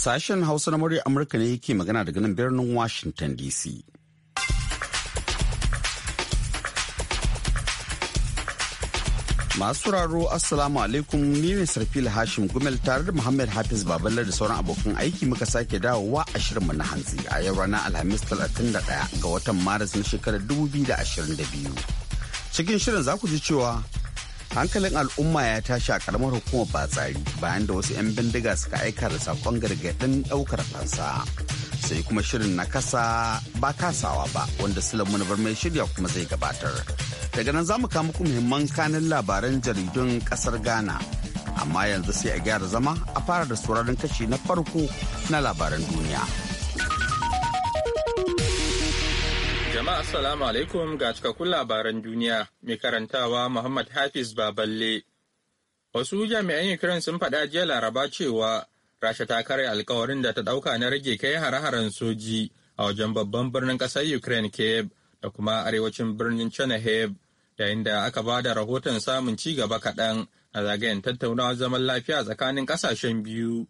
Sashen Hausa na murya Amurka ne yake magana daga nan birnin Washington DC. Masu raro Assalamu alaikum ni ne Sarfil Hashim Gumel tare da Muhammad Hafiz Babalar da sauran abokan aiki muka sake dawowa a shirin mu na hantsi a yau ranar Alhamis 31 ga watan Maris na shekarar 2022. Cikin shirin za ku ji cewa hankalin al'umma ya tashi a karamar hukumar batsari bayan da wasu 'yan bindiga suka aika da sakon gargaɗin ɗaukar fansa sai kuma shirin na kasa ba kasawa ba wanda sulamun bar mai shirya kuma zai gabatar daga nan za mu kama muku muhimman kanin labaran jaridun kasar ghana amma yanzu sai a gyara zama a fara da sauraron kashi na farko na labaran duniya. Jama'a Assalamu alaikum ga cikakkun labaran duniya mai karantawa Muhammad Hafiz Baballe. Wasu jami'an Ukraine sun faɗa jiya Laraba cewa Rasha ta karya alkawarin da ta ɗauka na rage kai hare-haren soji a wajen babban birnin ƙasar Ukraine Kiev da kuma arewacin birnin Chernihiv yayin da aka ba da rahoton samun ci gaba kaɗan a zagayen tattaunawar zaman lafiya tsakanin ƙasashen biyu.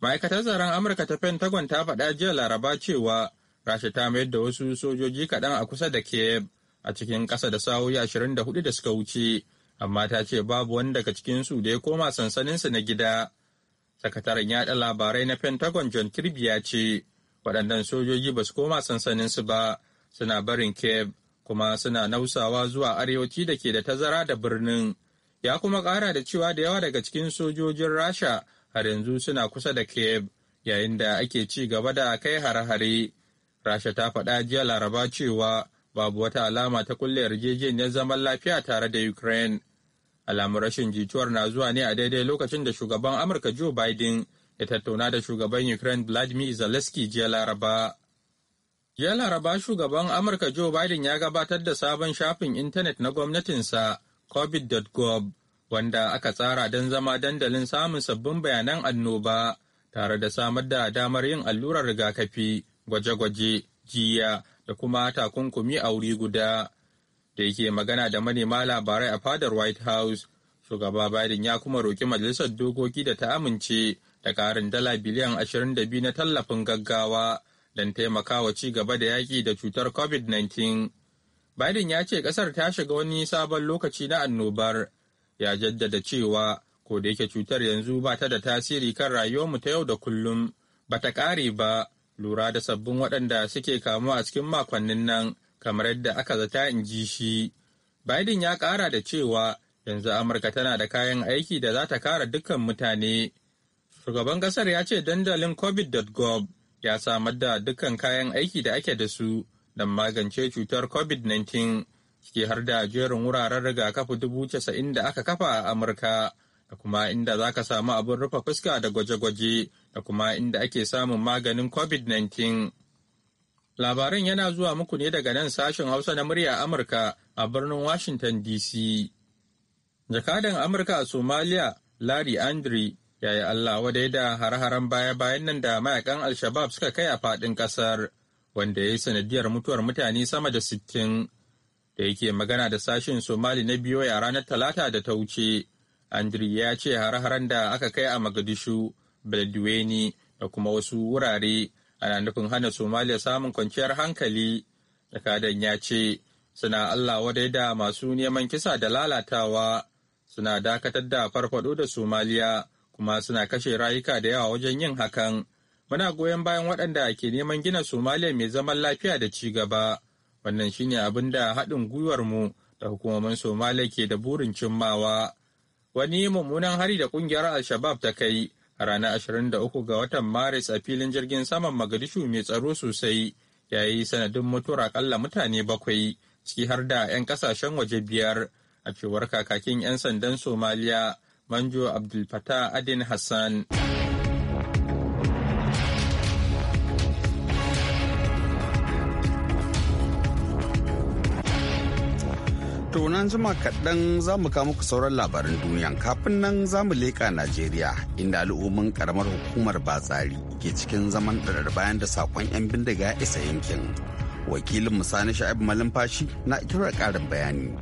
Ma'aikatar tsaron Amurka ta Pentagon ta faɗa jiya Laraba cewa rasha ta mayar da wasu sojoji kaɗan a kusa da kiev a cikin ƙasa da sa'o'i ashirin da hudu da suka wuce amma ta ce babu wani daga cikinsu da ya koma sansaninsa na gida sakataren yaɗa labarai na pentagon john kirby ya ce waɗannan sojoji ba su koma sansaninsu ba suna barin kiev kuma suna nausawa zuwa arewaci da ke da tazara da birnin ya kuma ƙara da cewa da yawa daga cikin sojojin rasha har yanzu suna kusa da kiev yayin da ake ci gaba da kai hare-hare Rasha ta faɗa jiya Laraba cewa babu wata alama ta kulle yarjejeniyar zaman lafiya tare da Ukraine. Alamun rashin jituwar na zuwa ne a daidai lokacin da shugaban Amurka Joe Biden ya tattauna da shugaban Ukraine Vladimir Zelensky jiya Laraba. Jiya Laraba shugaban Amurka Joe Biden ya gabatar da sabon shafin intanet na gwamnatinsa covid.gov wanda aka tsara don zama dandalin samun sabbin bayanan annoba tare da samar da damar yin allurar rigakafi gwaje-gwaje jiya da kuma takunkumi a wuri guda da yake magana da manema labarai a fadar white house shugaba biden ya kuma roki majalisar dokoki da ta amince da ƙarin dala biliyan 22 na tallafin gaggawa don taimakawa ci gaba da yaƙi da cutar covid-19 biden ya ce ƙasar ta shiga wani sabon lokaci na annobar ya jaddada cewa ko da yake cutar yanzu ba ta da tasiri kan rayuwarmu ta yau da kullum ba ta ƙare ba lura da sabbin waɗanda suke kamu a cikin makonnin nan kamar yadda aka zata in ji shi. Biden ya ƙara da cewa yanzu Amurka tana da kayan aiki da za ta kara dukkan mutane. Shugaban ƙasar ya ce dandalin covid.gov ya samar da dukkan kayan aiki da ake da su don magance cutar covid-19 ciki har da jerin wuraren rigakafi dubu casa'in da aka kafa a Amurka da kuma inda za ka samu abin rufe fuska da gwaje-gwaje da kuma inda ake samun maganin COVID-19. Labaran yana zuwa muku ne daga nan sashen Hausa na murya Amurka a birnin Washington DC. Jakadan Amurka a Somalia, Larry Andri, ya yi Allah wadai da har-haren baya-bayan nan da mayakan al suka kai a faɗin ƙasar, wanda ya yi sanadiyar mutuwar mutane sama da sittin. Da yake magana da sashen Somali na biyo a ranar Talata da ta wuce, Andri ya ce har-haren da aka kai a Magadishu Beledweyne da kuma wasu wurare ana nufin hana Somalia samun kwanciyar hankali. Jakadan ya ce suna Allah wadai da masu neman kisa da lalatawa suna dakatar da farfado da Somalia kuma suna kashe rayuka da yawa wajen yin hakan. Muna goyon bayan waɗanda ke neman gina Somalia mai zaman lafiya da ci gaba. Wannan shine abin da haɗin gwiwar mu da hukumomin Somalia ke da burin cimmawa. Wani mummunan hari da ƙungiyar Alshabab ta kai a ranar 23 ga watan maris a filin jirgin saman magadishu mai tsaro sosai ya yi sanadin mutuwar akalla mutane bakwai ciki har da 'yan kasashen waje biyar a cewar kakakin 'yan sandan somaliya manjo abdul fattah adin hassan nan jima kaɗan za mu kawo muku sauran labaran duniya kafin nan za mu leƙa najeriya inda al'umman ƙaramar hukumar batsari ke cikin zaman ɗarar bayan da saƙon 'yan bindiga ya isa yankin wakilin musani sha'ib Fashi na kira ƙarin bayani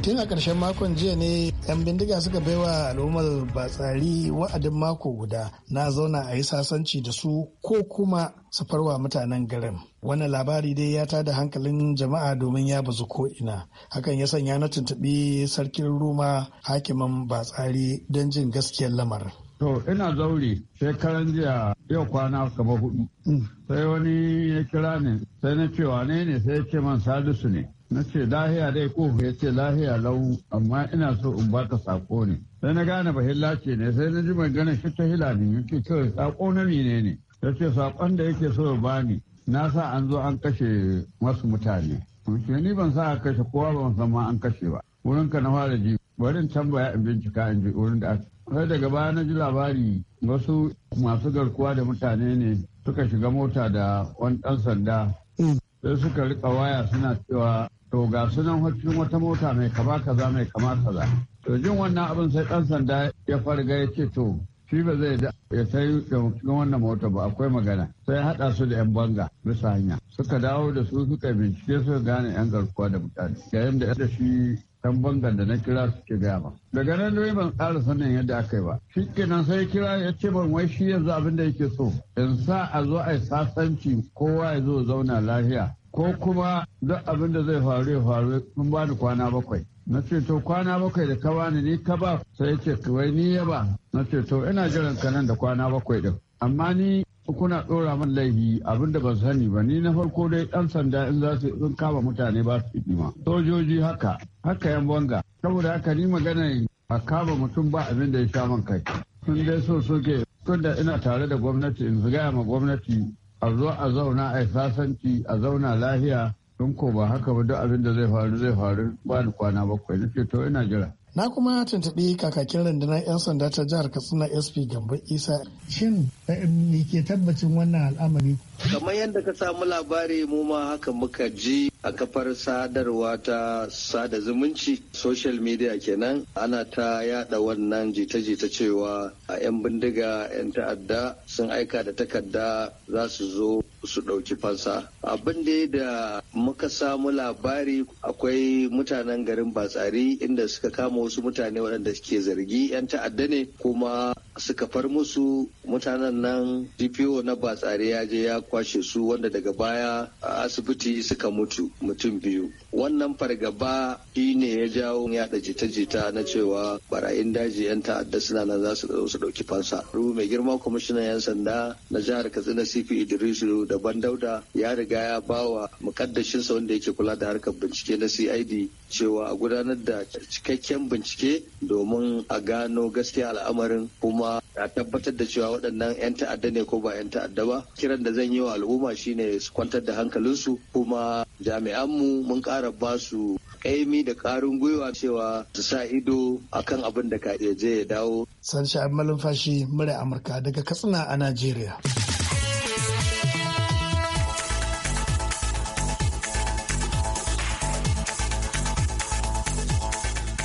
tun a ƙarshen makon jiya ne 'yan bindiga suka baiwa al'ummar batsari wa'adin mako guda na zauna a yi sasanci da su ko kuma su farwa mutanen garin wannan labari dai ya tada hankalin jama'a domin ya bazu ko'ina hakan ya sanya na tuntuɓi sarkin ruma hakiman batsari don jin gaskiyar lamar to ina zaure shekaran jiya yau kwana kamar hudu mm. sai wani ya kira ne sai na cewa ne ne sai ya ce man salisu ne na ce lahiya dai ko ya ce lahiya lau amma ina so in ba ka sako ne sai na gane bahilla ce ne sai na ji maganar shi ta hila ne yake cewa sako na mine ne ya ce sakon da yake so ya bani na sa an zo an kashe masu mutane ce ni ban sa a kashe kowa ban san ma an kashe ba wurin ka na fara ji bari in tambaya in bincika in ji wurin da aka sai daga baya na ji labari wasu masu garkuwa da mutane ne suka shiga mota da wani dan sanda mm. sai suka rika waya suna cewa to ga sunan cikin wata mota mai kama kaza mai kama kaza to jin wannan abin sai dan sanda ya farga ya ce to shi ba zai da ya sai da wannan mota ba akwai magana sai ya hada su da yan banga bisa hanya suka dawo da su suka bincike suka gane yan garkuwa da mutane yayin da da shi dan bangan da na kira suke gaya ba daga nan dai ban tsara sanin yadda aka yi ba shi kenan sai kira ya ce ban wai shi yanzu abin da yake so in sa a zo a yi sasanci kowa ya zo zauna lafiya ko kuma duk abin da zai faru ya faru mun ba ni kwana bakwai na ce to kwana bakwai da ka bani ni ka ba sai ya ce wai ni ya ba na ce to ina jiran ka nan da kwana bakwai din amma ni kuna ɗora min laifi abin da ban sani ba ni na farko dai ɗan sanda in za su in kama mutane ba su ma sojoji haka haka yan banga saboda haka ni magana a kama mutum ba abin da ya sha man kai sun dai so soke tunda ina tare da gwamnati in gaya ma gwamnati a zo a zauna a sasanci a zauna lahiya, don ko ba haka ba duk abin da zai faru zai faru ba ni kwana bakwai na ce to ina jira. Na kuma tuntuɓi kakakin rundunar 'yan sanda ta jihar Katsina SP Gambo Isa. Shin eh, ke tabbacin wannan al'amari kamar yadda ka samu labari mu ma haka muka ji a kafar sadarwa ta sada zumunci social media kenan ana ta yada wannan jita-jita cewa a 'yan bindiga 'yan ta'adda sun aika da takarda za su zo su ɗauki fansa abin da da muka samu labari akwai mutanen garin batsari inda suka kama wasu mutane waɗanda suke zargi 'yan ta'adda ne kuma suka far musu mutanen nan dpo na batsari ya je ya kwashe su wanda daga baya a asibiti suka mutu mutum biyu wannan fargaba shi ne ya jawo yada jita-jita na cewa barayin daji 'yan ta'adda suna nan za su su dauki fansa ruhu mai girma kwamishinan 'yan sanda na jihar katsina cp idrisu da Dauda ya riga ya bawa mukaddashinsa wanda yake kula da harkar bincike na cid cewa a gudanar da cikakken bincike domin a gano gaskiya al'amarin kuma a tabbatar da cewa waɗannan 'yan ta'adda ne ko ba 'yan ta'adda ba kiran da zan yi wa al'umma shine su kwantar da hankalinsu kuma jami'an mu mun ƙara ba su kaimi da ƙarin gwiwa cewa su sa ido akan abin da ka iya je ya dawo. Sanshi Malumfashi, murya Amurka daga Katsina a Najeriya.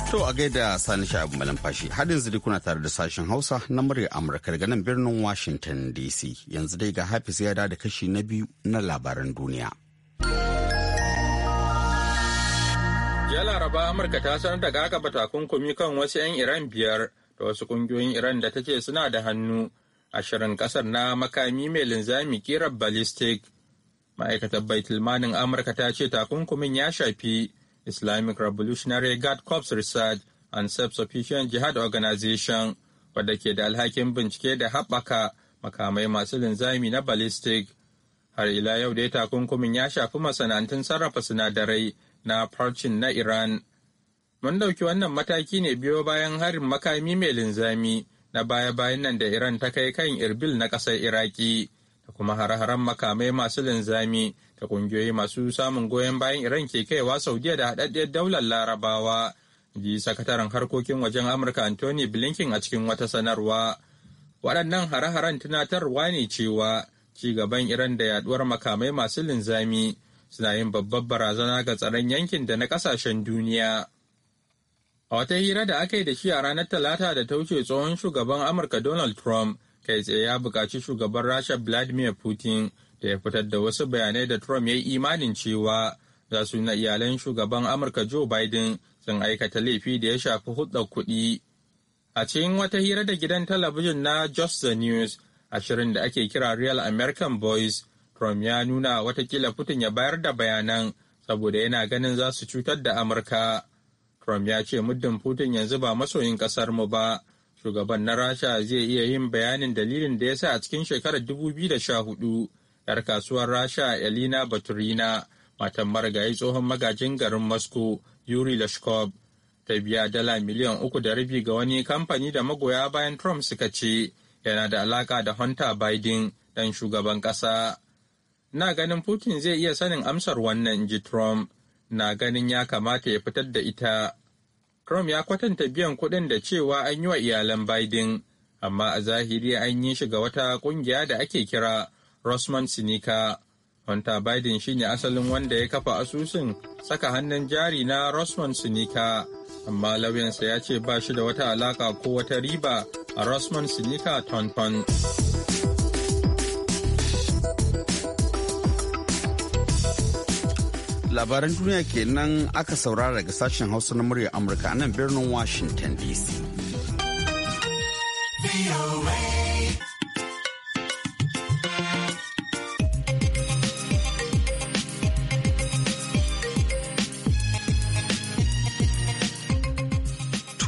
To a gaida sani abu malam fashi hadin zidi kuna tare da sashen Hausa na murya Amurka daga nan birnin Washington DC yanzu dai ga Hafiz ya da kashi na biyu na labaran duniya. Ya laraba Amurka ta sanar da gagaba takunkumi kan wasu 'yan Iran biyar da wasu kungiyoyin Iran da ta ce suna da hannu a shirin kasar na makami mai linzami kirar ballistic. Ma'aikatar Baitulmanin Amurka ta ce takunkumin ya shafi islamic revolutionary guard corps research and self-sufficient jihad organization wadda ke da alhakin bincike da haɓaka makamai masu linzami na ballistic har ila yau ya takunkumin ya shafi masana'antun sarrafa sinadarai na farcin na iran mun ɗauki wannan mataki ne biyo bayan harin makami mai linzami na baya-bayan nan da iran ta kai kan irbil na ƙasar iraki da kuma hare makamai masu linzami da kungiyoyi masu samun goyon bayan Iran ke kaiwa Saudiya da haɗaɗɗiyar daular Larabawa. Ji sakataren harkokin wajen Amurka Anthony Blinken a cikin wata sanarwa. Waɗannan hare-haren tunatarwa ne cewa ci gaban Iran da yaɗuwar makamai masu linzami suna yin babbar barazana ga tsaron yankin da na ƙasashen duniya. A wata hira da aka yi da shi a ranar Talata da ta wuce tsohon shugaban Amurka Donald Trump kai tsaye ya buƙaci shugaban rasha vladimir putin da ya fitar da wasu bayanai da trump ya yi imanin cewa za su na iyalan shugaban amurka joe biden sun aikata laifi da ya shafi hudda kuɗi a cikin wata hira da gidan talabijin na just the news ashirin da ake kira real american boys trump ya nuna watakila putin ya bayar da bayanan saboda yana ganin za su cutar da amurka trump ya ce muddin putin yanzu ba masoyin kasar mu ba shugaban na rasha zai iya yin bayanin dalilin da ya sa a cikin shekarar 2014 'yar kasuwar rasha elina baturina matan marigayi tsohon magajin garin moscow yuri lashkov ta biya dala miliyan uku da rabi ga wani kamfani da magoya bayan trump suka ce yana da alaka da hunter biden dan shugaban kasa na ganin putin zai iya sanin amsar wannan ji trump na ganin ya kamata ya fitar da ita Trump ya kwatanta biyan kuɗin da cewa an yi wa iyalan Biden, amma a zahiri an yi shi ga wata ƙungiya da ake kira rossman Sinika. Hunter Biden shine asalin wanda ya kafa asusun saka hannun jari na rossman Sinika, amma lauyansa ya ce ba shi da wata alaka ko wata riba a rossman Sinika Tonton. labaran duniya kenan aka saurara daga sashen hausa na murya amurka nan birnin washington dc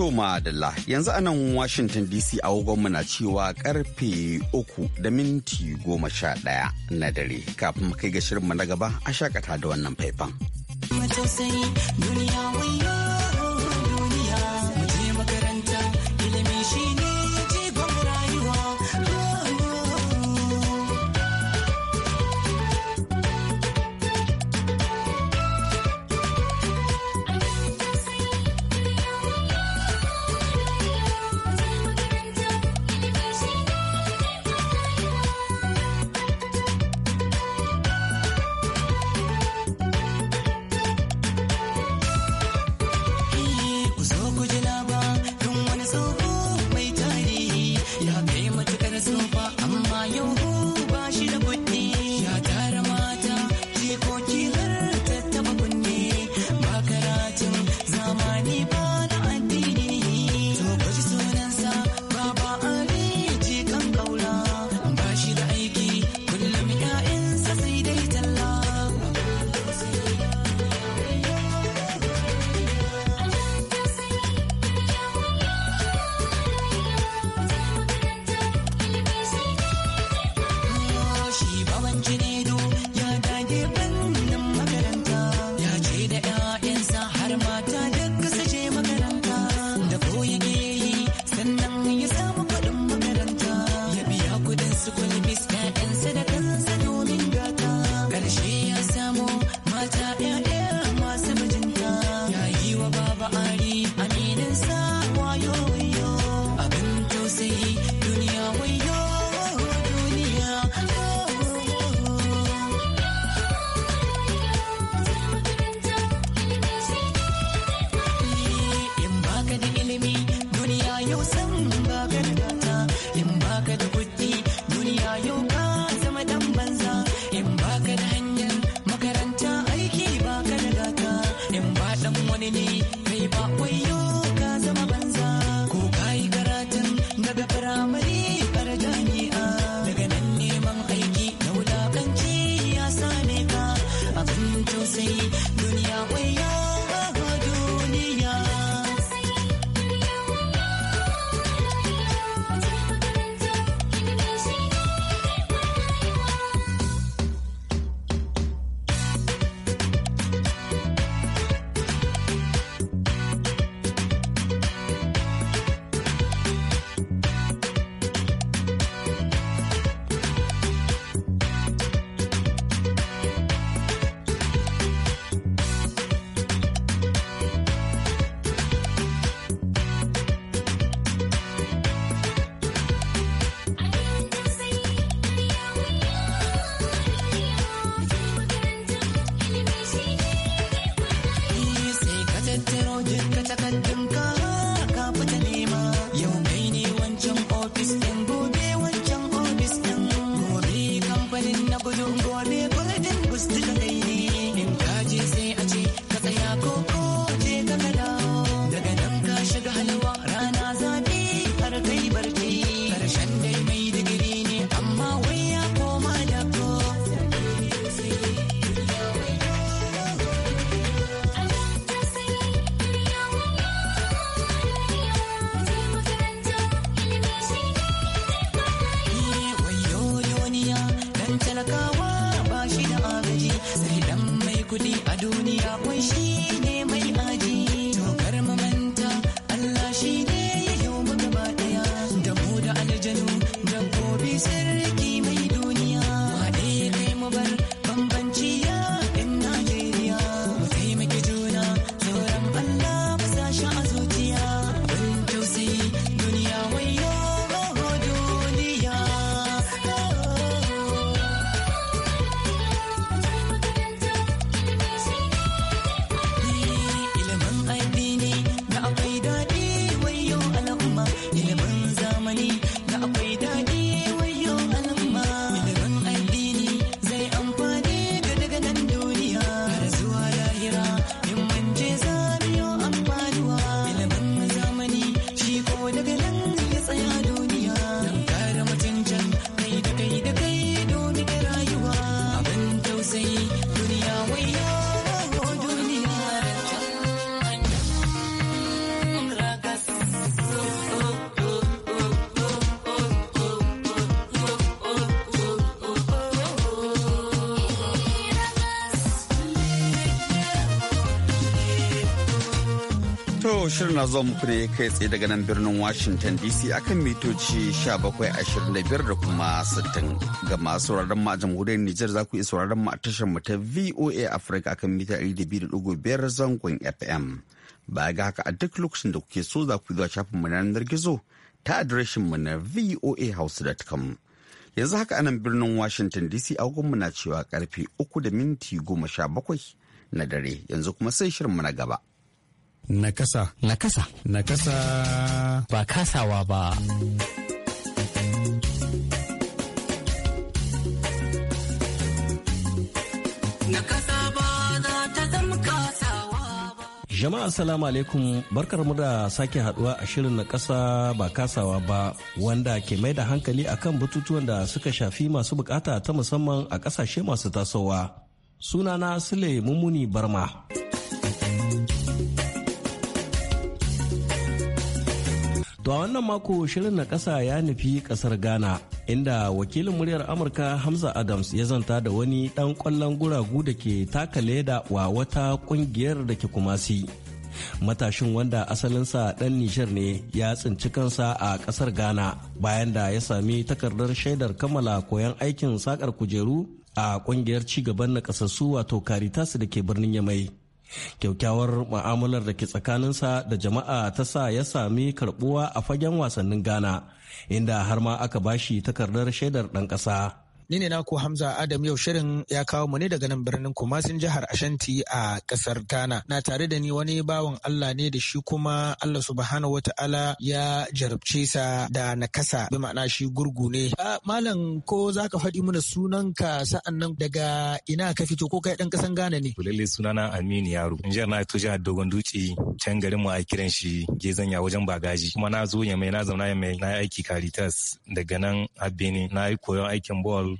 Toma Adela yanzu anan Washington DC a agogonmu na cewa karfe uku da minti goma na dare kafin mu kai ga shirinmu na gaba a shakata da wannan faifan. duniya wai shirin na zuwa muku ne kai tsaye daga nan birnin Washington DC akan mitoci 1725 da kuma 60 ga masu sauraron ma a jamhuriyar Nijar za ku iya sauraron ma a tashar mu ta VOA Africa akan mita 200.5 zangon FM. ba ga haka a duk lokacin da kuke so za ku zuwa shafin mu na yanar gizo ta adireshin mu na voahouse.com. Yanzu haka anan birnin Washington DC agogon mu na cewa karfe 3 da minti 17 na dare yanzu kuma sai shirin mu na gaba. Nakasa. Nakasa. Nakasa. Ba kasawa ba. Jama'a salamu alaikum barkar mu da sake haduwa a shirin na kasa ba kasawa ba wanda ke mai da hankali a kan batutuwan da suka shafi masu bukata ta musamman a kasashe masu tasowa. Sunana Sule Mummuni Barma. To wannan mako shirin na kasa ya nufi kasar Ghana inda wakilin muryar Amurka Hamza Adams ya zanta da wani dan kwallon guragu da ke taka leda wa wata kungiyar da ke kumasi. Matashin wanda asalinsa dan Nijar ne ya tsinci kansa a kasar Ghana bayan da ya sami takardar shaidar kammala koyon aikin sakar kujeru a ƙungiyar cigaban na kasassu wato Caritas da ke birnin Yamai. kyaukyawar mu'amalar da ke tsakaninsa da jama'a ta sa ya sami karbuwa a fagen wasannin ghana inda har ma aka bashi takardar shaidar ɗan ƙasa Ni ne naku Hamza Adam yau shirin ya kawo mu ne daga nan birnin Kumasin jihar Ashanti a kasar Tana. Na tare da ni wani bawan Allah ne da shi kuma Allah subhanahu wata'ala ya jarabce sa da nakasa bi ma'ana shi gurgu ne. Malam ko za ka faɗi mana sunanka sa'an nan daga ina ka fito ko kai ɗan ƙasan Gana ne? Kulele sunana Aminu Yaro. Jihar na ito jihar Dogon Dutse can garin mu a kiran shi Gezanya wajen Bagaji. Kuma na zo Yamai na zauna Yamai na yi aiki karitas daga nan Abene na yi koyon aikin ball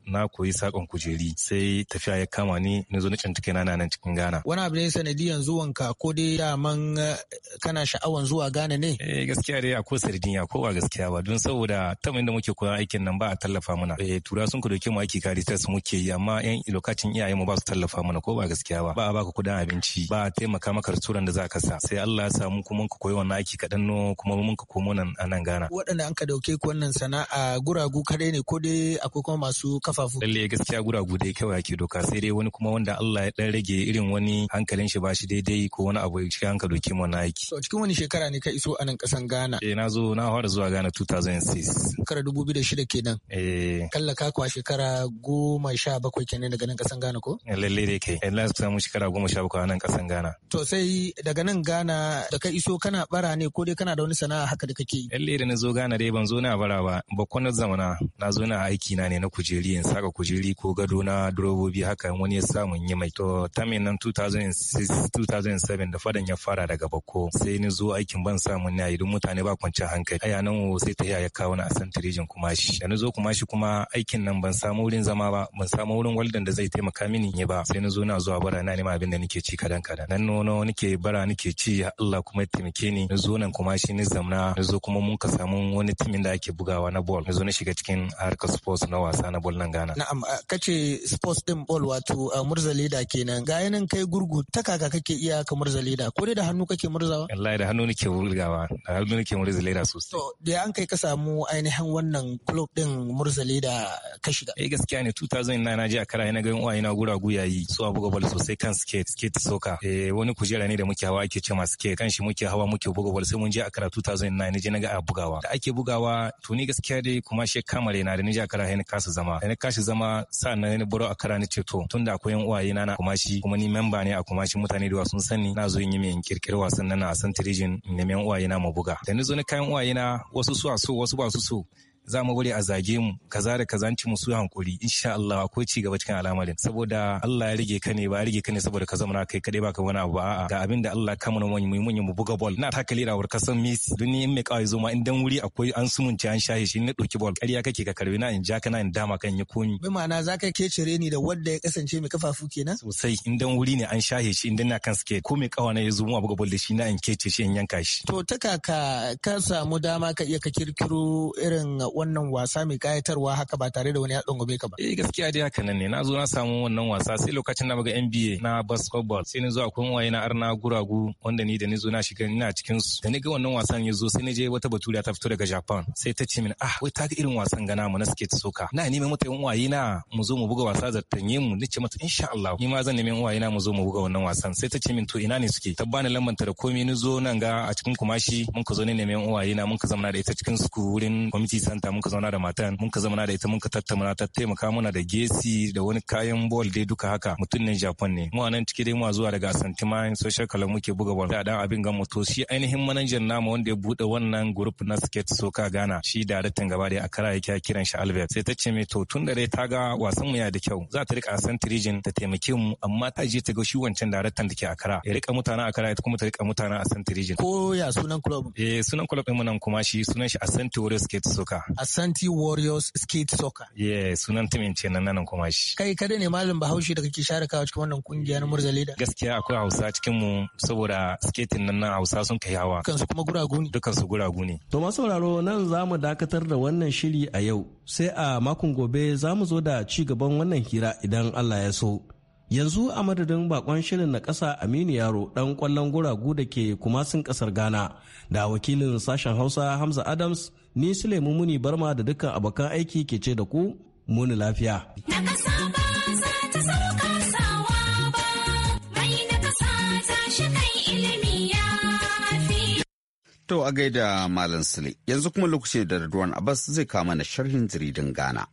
na koyi sakon kujeri sai tafiya ya kama ni na zo na na nan cikin Ghana. Wani abu ne sanadiyan zuwanka ko dai daman eh, kana sha'awan zuwa Ghana ne? Eh gaskiya dai akwai sardinya ko ba gaskiya ba don saboda ta da muke koyan aikin nan ba a tallafa mana. Eh tura sun ku dauke mu aiki kari tas muke yi amma yan lokacin iyaye mu ba su tallafa mana ko ba gaskiya ba. Ba a baka kudin abinci ba a taimaka maka rasturan da za ka sa sai Allah ya samu kuma ka koyi wannan aiki kaɗan no kuma mun ka komo nan a nan Ghana. Waɗanda an ka dauke ku wannan sana'a guragu kadai ne ko dai akwai kuma masu kafa kafafu lalle gaskiya guragu dai kawai ake doka sai dai wani kuma wanda Allah ya dan rage irin wani hankalin shi bashi daidai ko wani abu cikin hanka doki mana aiki to cikin wani shekara ne ka iso a nan kasan Ghana eh na zo na fara zuwa Ghana 2006 shekara 2006 kenan eh kalla ka kwa shekara goma sha bakwai kenan daga nan kasan Ghana ko eh, lalle dai kai Allah eh, ya samu shekara goma sha bakwai a nan kasan Ghana to sai daga nan Ghana da ka iso kana bara ne ko dai kana da wani sana'a haka da kake yi lalle da na zo Ghana dai ban zo na bara ba Bakwai na zamana na zo na aiki na ne na kujeri in saka kujeri ko gado na durobobi haka wani ya samu yi mai to tamin nan 2007 da fadan ya fara daga bako sai ni zo aikin ban samu na yi mutane ba kwanciyar hankali aya nan sai ta ya kawo na asan tirijin kuma shi da ni zo kuma shi kuma aikin nan ban samu wurin zama ba ban samu wurin waldan da zai taimaka mini ne ba sai ni zo na zuwa bara na nema abin da nake ci kadan kadan nan nono nake bara nake ci Allah kuma ya taimake ni ni zo nan kuma shi ni zamna ni zo kuma mun ka samu wani timin da ake bugawa na ball ni zo na shiga cikin harkar sports na wasa na ball nan kasashen Ghana. Na'am kace sports din ball wato murza leda kenan. Ga yanin kai gurgu ta kaka kake iya ka murza leda ko dai da hannu kake murzawa? Wallahi da hannu nake murzawa da hannu nake murza leda sosai. To da an kai ka samu ainihin wannan club din murza leda ka shiga. Eh gaskiya ne 2009 na je a kara ina ga uwaye na gura guyayi su buga ball sosai kan skate skate soka. Eh wani kujera ne da muke hawa ake cewa ma skate kan shi muke hawa muke buga ball sai mun je a kara 2009 ne je na ga a bugawa. Da ake bugawa to ni gaskiya dai kuma she kamare na da ni je a kara na kasa zama. kashi zama sa na ni buro a kara ni tun da akwai yan uwaye na na kumashi kuma ni memba ne a kumashi mutane da sun sani na zo yin mai kirkiri wasan nan a san tirijin ne yan uwaye na mabuga buga da ni zo ni kayan uwaye na wasu su wasu ba su so za mu bari a zage mu kaza da kaza mu su hankuri insha Allah akwai ci gaba cikin al'amarin saboda Allah ya rige ka ne ba ya rige ka ne saboda ka zama kai kadai baka wani abu a'a ga abin da Allah ka mana wani mu mun mu buga ball na taka lira war kasan Messi don in mai kawai zo ma in dan wuri akwai an ci an shahe shi na doki ball ƙarya kake ka karbi na in ja kana in dama kan yi komi bai ma'ana zaka kecere ni da wanda ya kasance mai kafafu kenan sosai in dan wuri ne an shahe shi in dan na kan suke ko mai na ya zo mu buga ball da shi na in kece shi in yanka shi to ta kaka ka samu dama ka iya ka kirkiro irin wannan wasa mai kayatarwa haka ba tare da wani yatsan gobe ka ba. Eh gaskiya dai haka nan ne na zo na samu wannan wasa sai lokacin na buga NBA na basketball sai ni zo akwai waye na arna guragu wanda ni da ni zo na shiga ina cikin su da ni ga wannan wasan ya zo sai ni je wata batura ta fito daga Japan sai ta ce min ah wai ta ga irin wasan gana mu na ta soka na mai mata yan waye na mu zo mu buga wasa zattanye mu ni ce mata insha Allah ni ma zan nemi yan waye na mu zo mu buga wannan wasan sai ta ce min to ina ne suke ta bani lambanta da komai ni zo nan ga a cikin kumashi mun ka zo ne nemi waye na mun ka zama da ita cikin su wurin committee makaranta muka zauna da matan muka zauna da ita muka tattauna ta taimaka mana da gesi da wani kayan bol dai duka haka mutum ne Japan ne mu nan cike dai mu zuwa daga Asantima social club muke buga bol da dan abin ga moto shi ainihin manajan namu wanda ya bude wannan group na skate soka Ghana shi daraktan gaba dai a kara yake kiran shi Albert sai ta ce me to tun da dai ta ga wasan mu ya da kyau za ta rika san region ta taimake mu amma ta je ta ga shi wancan daraktan da ke kara ya rika a kara ya kuma ta rika mutanen a region ko ya sunan club eh sunan club ɗin mu nan kuma shi sunan shi Asante tourist Skate Soka Asante Warriors Skate Soccer. Yes, sunan timin ce nan nan kuma shi. Kai kada ne malam Bahaushe da kake share kawo cikin wannan kungiya na Murza Leda. Gaskiya akwai Hausa cikin mu saboda skating nan nan Hausa sun kai hawa. Kansu kuma guragu ne. Dukan su guragu ne. To masu sauraro nan za mu dakatar da wannan shiri a yau. Sai a makon gobe za mu zo da ci gaban wannan hira idan Allah ya so. yanzu a madadin bakon shirin na ƙasa aminu yaro dan kwallon guragu da ke kumasin ƙasar ghana da wakilin sashen hausa hamza adams ni sulaimu muni barma da dukkan abokan aiki ke ce da ku muni lafiya To a gaida Malam Sule, yanzu kuma lokaci da Radwan Abbas zai kama na sharhin jaridan Ghana.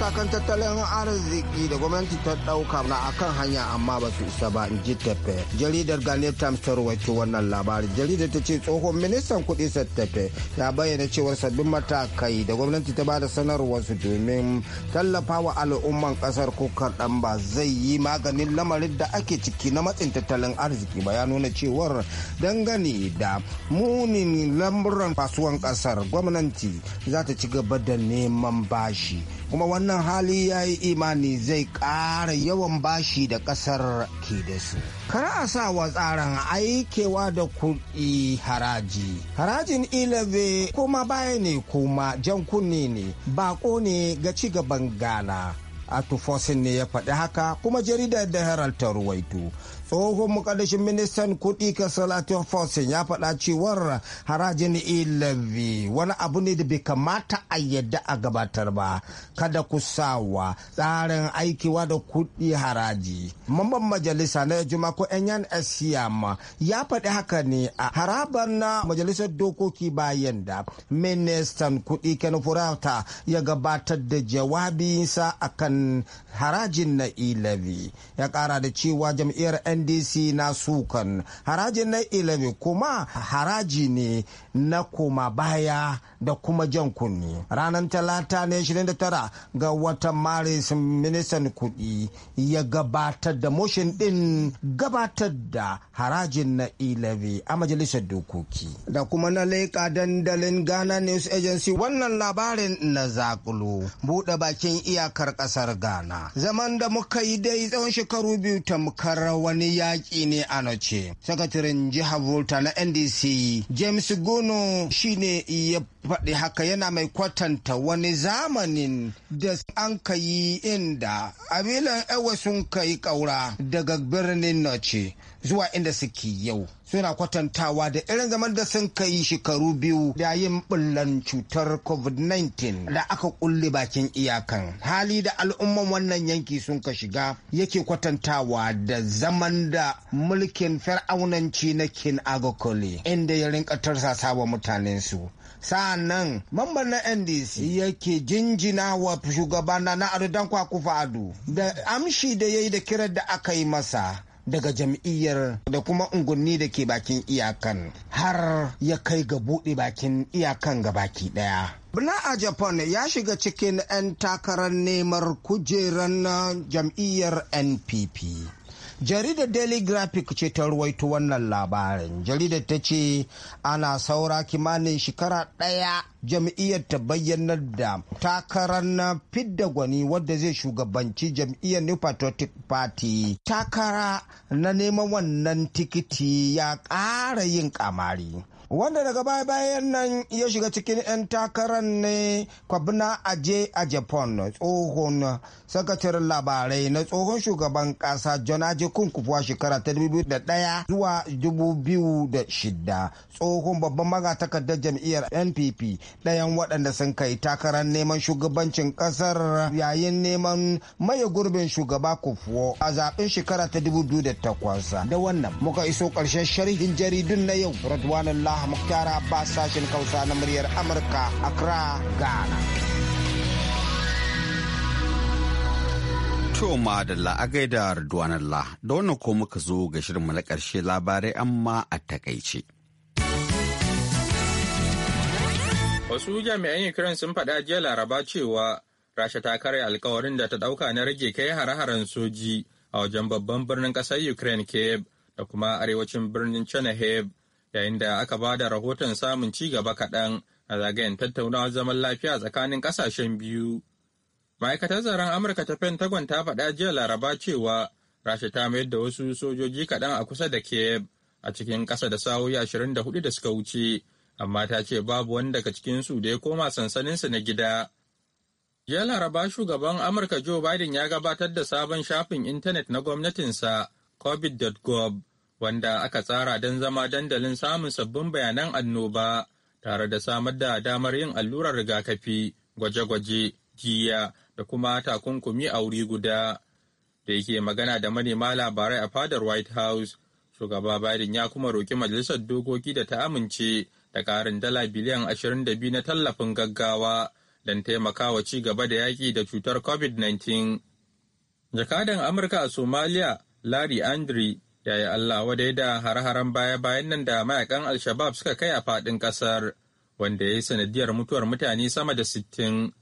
matakan tattalin arziki da gwamnati ta ɗauka na akan hanya amma ba su isa ba in ji tafe jaridar ghanaian times ta wannan labari jaridar ta ce tsohon ministan kuɗi sattafe ya bayyana cewar sabbin matakai da gwamnati ta bada sanarwar su domin tallafawa wa al'umman kasar ko kaɗan ba zai yi maganin lamarin da ake ciki na matsin tattalin arziki ba ya nuna cewar dangane da munin lamuran kasuwan kasar gwamnati za ta ci gaba da neman bashi kuma wannan hali ya yi imani zai ƙara yawan bashi da ƙasar ke da su. Kar a sa wa tsarin aikewa da kuɗi haraji. Harajin ilave kuma baya ne kuma jan kunne ne bako ne ga ci gaban Ghana. Atu Fosin ne ya faɗi haka kuma jaridar da Herald ta ruwaito. tsohon mukaddashin ministan kuɗi salatu forcing ya faɗa cewar harajin ilabi wani abu ne da bai kamata a yadda a gabatar ba kada ku sawa tsarin aikiwa da kudi haraji mamban majalisa na juma ko enyan siyama ya faɗi haka ne a harabar na majalisar dokoki bayan da ministan kudi ken furata ya gabatar da jawabinsa akan harajin na ilabi ya ƙara da cewa jam'iyyar ndc na sukan haraji na ilimi kuma haraji ne na koma baya da kuma jan kunni ranar talata ne 29 ga watan maris ministan kudi ya gabatar da motion din gabatar da harajin na ilimi a majalisar dokoki da kuma na leƙa dandalin ghana news agency wannan labarin na zakulu buɗe bakin iyakar ƙasar ghana zaman da muka yi dai tsawon shekaru biyu tamkar wani yaƙi ne a noce. Sakataren jihar Volta na NDC James Gono shine ya faɗi haka yana mai kwatanta wani zamanin da an ka yi inda amilan ewa sun kai ƙaura daga birnin noce. zuwa inda suke yau suna kwatantawa da irin zaman da sun kai shekaru biyu da yin bullan cutar covid-19 da aka kulle bakin iyakan hali da al'umman wannan yanki sun ka shiga yake kwatantawa da zaman da mulkin fir'aunanci na kin agokoli inda ya rinka tarsasa wa mutanensu sa'annan mamban na ndc yake jinjina wa shugabana na ado dankwa ado da amshi da ya yi da kirar da aka yi masa daga jam'iyyar da kuma unguwanni da ke bakin iyakan har ya kai ga buɗe bakin iyakan ga baki ɗaya. bana a Japan ya shiga cikin 'yan takarar neman kujeran uh, jam'iyyar NPP. jaridar daily graphic ce ta ruwaito wannan labarin jaridar ta ce ana saura kimanin shekara ɗaya jam'iyyar ta bayyanar da takarar na fidda gwani wadda zai shugabanci jam'iyyar new patriotic party takara na neman wannan tikiti ya ƙara yin kamari wanda daga baya bayan nan ya shiga cikin 'yan takarar ne kwabna aje a japan tsohon sakataren labarai na tsohon shugaban kasa john aje kunkufuwa shekara ta 2001 zuwa 2006 tsohon babban magatakardar jam'iyyar npp ɗayan waɗanda sun kai takarar neman shugabancin ƙasar yayin neman maye gurbin shugaba kufuwa a zaɓen shekara ta 2008 da wannan muka iso ƙarshen sharhin jaridun na yau Muktar Abbas sashen Kausa na muryar Amurka Accra, Ghana. To madalla a gaida Ridwan Allah da wannan ko muka zo ga shirinmu na ƙarshe labarai amma a takaice. Wasu jami'an Ukraine sun faɗa jiya Laraba cewa Rasha ta karya alkawarin da ta ɗauka na rage kai hare-haren soji a wajen babban birnin ƙasar Ukraine Kiev da kuma arewacin birnin Chernihiv yayin da aka ba da rahoton samun ci gaba kaɗan a zagayen tattaunawar zaman lafiya tsakanin ƙasashen biyu. Ma'aikatar tsaron Amurka ta Pentagon ta faɗa jiya Laraba cewa Rasha ta mayar da wasu sojoji kaɗan a kusa da Kiev a cikin ƙasa da sa'o'i ashirin da hudu da suka wuce, amma ta ce babu wani daga cikinsu da ya koma sansaninsu na gida. Jiya Laraba shugaban Amurka Joe Biden ya gabatar da sabon shafin intanet na gwamnatinsa covid.gov wanda aka tsara don zama dandalin samun sabbin bayanan annoba tare da samar da damar yin allurar rigakafi gwaje-gwaje jiya da kuma takunkumi a wuri guda da yake magana da manema labarai a fadar white house shugaba biden ya kuma roki majalisar dokoki da ta amince da karin dala biliyan 22 na tallafin gaggawa don taimakawa ci gaba da yaƙi da cutar covid-19 jakadan amurka a Somalia larry andre yayi yi Allah wadai da har-haren baya-bayan nan da mayakan Al-Shabab suka kai a faɗin ƙasar, wanda ya yi sanadiyar mutuwar mutane sama da sittin.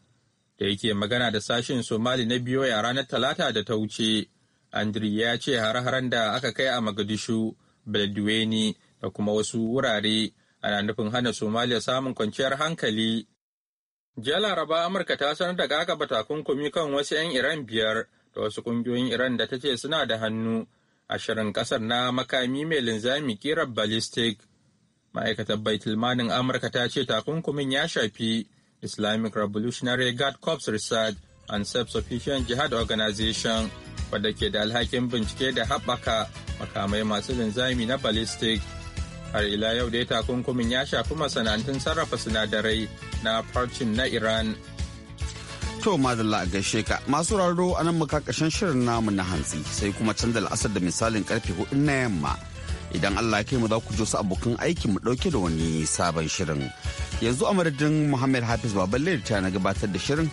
Da yake magana da sashen Somali na biyo ya ranar Talata da ta wuce, Andri ya ce har-haren da aka kai a Magadishu, Beledweyne da kuma wasu wurare ana nufin hana Somaliya samun kwanciyar hankali. Jiya Laraba Amurka ta sanar da gagaba takunkumi kan wasu 'yan Iran biyar da wasu ƙungiyoyin Iran da ta ce suna da hannu ashirin kasar na makami mai linzami kirar ballistic ma'aikatar baitulmanin amurka ta ce takunkumin ya shafi islamic revolutionary guard corps research and self-sufficient jihad organization wadda ke da alhakin bincike da haɓaka makamai masu linzami na ballistic har ila yau dai takunkumin ya shafi masana'antun sarrafa sinadarai na farcin na iran To madalla a gaishe ka masu raro a nan muka kashen shirin namu na hantsi sai kuma canza la'asar da misalin karfe hudu na yamma. Idan Allah kai mu za ku su abokan aikin mu dauke da wani sabon shirin. Yanzu a madadin Muhammad Hafiz Baballe ta na gabatar da shirin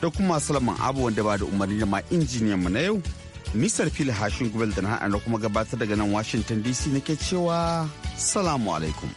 da kuma salaman Abu wanda ba da umarni da ma injiniyan mu na yau. Misar Fili Hashin Gubel da na kuma gabatar daga nan Washington DC nake cewa salamu alaikum.